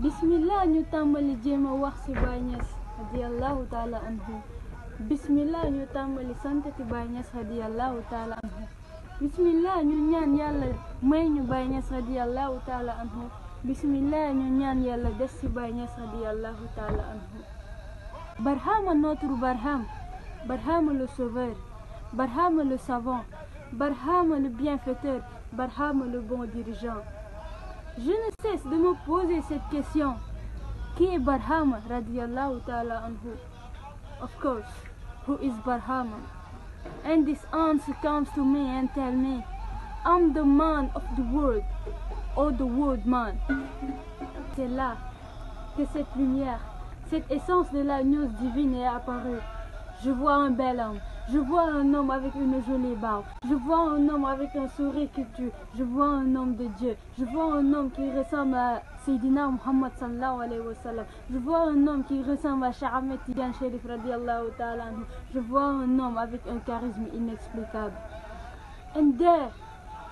bismillah ñu tambali jema wax ci bañes radiyallahu ta'ala anhu bismillah ñu tambali sante ci bañes radiyallahu ta'ala anhu bismillah ñu ñaan yalla may ñu bañes radiyallahu ta'ala anhu bismillah ñu ñaan yalla dess ci bañes radiyallahu ta'ala anhu barham notre barham barham le sauveur barham le savant barham le bienfaiteur barham le bon dirigeant Je ne cesse de me poser cette question. Qui est Barham radiallahu ta'ala anhu? Of course, who is Barham? And this answer comes to me and tell me, I'm the man of the world, or the world man. C'est là que cette lumière, cette essence de la news divine est apparue. Je vois un bel homme. Je vois un homme avec une jolie barbe. Je vois un homme avec un sourire qui tue. Je vois un homme de Dieu. Je vois un homme qui ressemble à Sayyidina Muhammad sallallahu alayhi wa sallam. Je vois un homme qui ressemble à Sha'amet Tidiane Sherif radiallahu ta'ala Je vois un homme avec un charisme inexplicable. And there,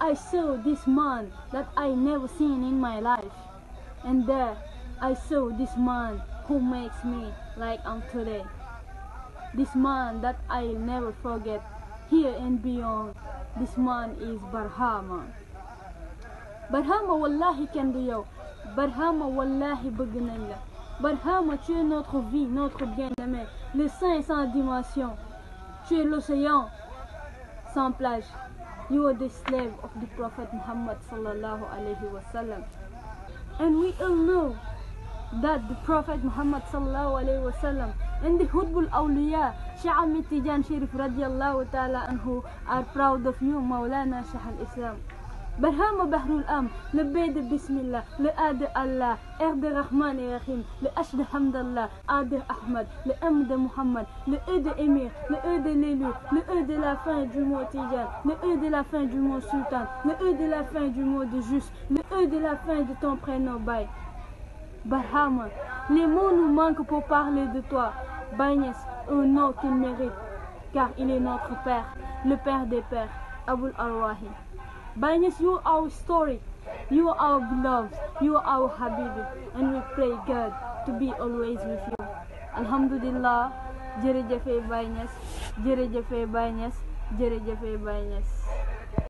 I saw this man that I never seen in my life. And there, I saw this man who makes me like I'm today. This man that I'll never forget here and beyond. This man is Barhama. Barhama wallahi can do you. Barhama wallahi begnella. Barhama, tu es notre vie, notre bien-aimé. Le saint sans dimension. Tu es l'océan sans plage. You are the slave of the Prophet Muhammad sallallahu alayhi wasallam. And we all know that the Prophet Muhammad sallallahu alayhi wasallam عند خطب الأولياء شعب تيجان شريف رضي الله تعالى عنه are proud of you مولانا شيخ الإسلام برهام بحر الأم لبيد بسم الله لآد الله إرد الرحمن الرحيم لأشد حمد الله آد أحمد لأمد محمد لأد أمير لأد ليلو لأد لا فان دو مو تيجان لأد لا فان دو مو سلطان لأد لا فان دو مو دو جوس لأد لا فان دو تون برهام les mots nous manquent pour parler de toi. Bagnès un nom qu'il mérite, car il est notre père, le père des pères, Abul Arwahi. Bagnès, you are our story, you are our beloved, you are our Habibi, and we pray God to be always with you. Alhamdulillah, Jerejefe Bagnès, Jerejefe Bagnès, Jerejefe Bagnès.